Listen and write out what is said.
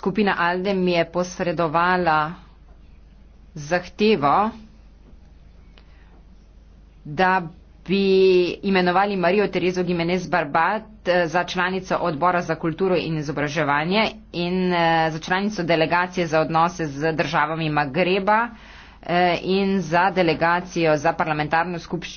skupina Alde mi je posredovala zahtevo, da bi imenovali Marijo Terezo Gimenez Barbat eh, za članico odbora za kulturo in izobraževanje in eh, za članico delegacije za odnose z državami Magreba eh, in za delegacijo za parlamentarno skupščino.